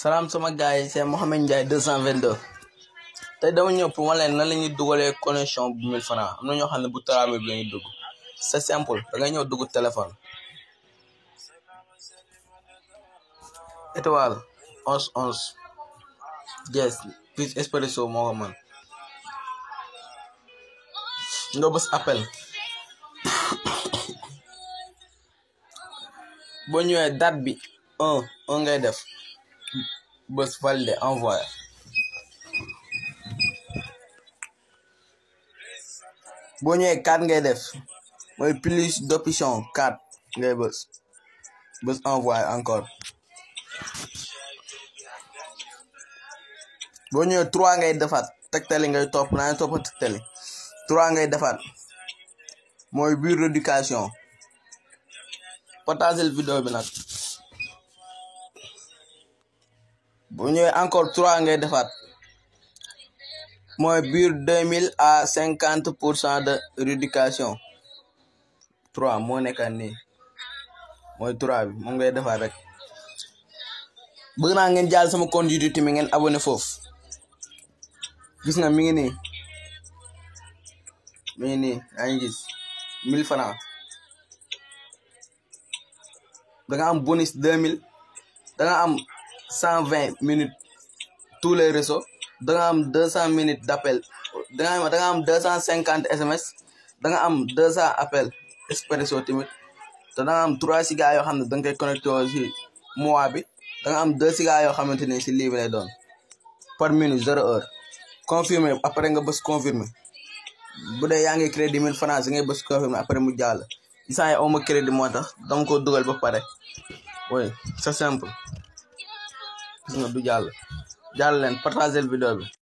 salaam sama gars yi c'est Mohamed Ndiaye 222 tey dama ñëw pour ma leen nan la ñuy dugalee connexion bu 1000 francs am na ñoo xam ne bu Taraawee bi la ñuy dugg da ngay ñëw dugg téléphone étoile onze onze dièse plus expresso moo appel boo ñëwee date bi un un def Boss Balde envoie. boo ñëwee kaat ngay def mooy plus d'option 4 ngay bës bës envoyé encore boo ñëwee 3 ngay defaat tegtali ngay top naa ngay topp tegtali ngay defaat mooy biir rééducation partagel vidéo bi nag bu ñëwee encore 3 ngay défat moy bir 2.000 à 50% de réduction 3 mo nekkaat nii moy 3 bi mo ngay défat rek bëgg na ngeen jaal sama compte YouTube mi ngeen abonné fofu gis nga mi ngi ni mi ngi ni ay gis 1000 francs da nga am bonus 2.000, da nga am 120 minutes tous les réseaux da nga am 200 minutes d'appel, da nga am da nga am 250 SMS da nga am 200 appel Expresso tamit da nga am 3 gigas yo xamne da nga koy connecté si mois bi da nga am 2 gigas yo xamanteni ci livre lay don. par minute 0 heure confirmé après nga bëss confirmé bu dé ya nga crédit 1000 francs nga bëss confirmé après mu jall. isaan yi aw crédit motax tax dama ko duggal ba paré. oui c'est simple. gis du jàll jàll leen partager vidéo bi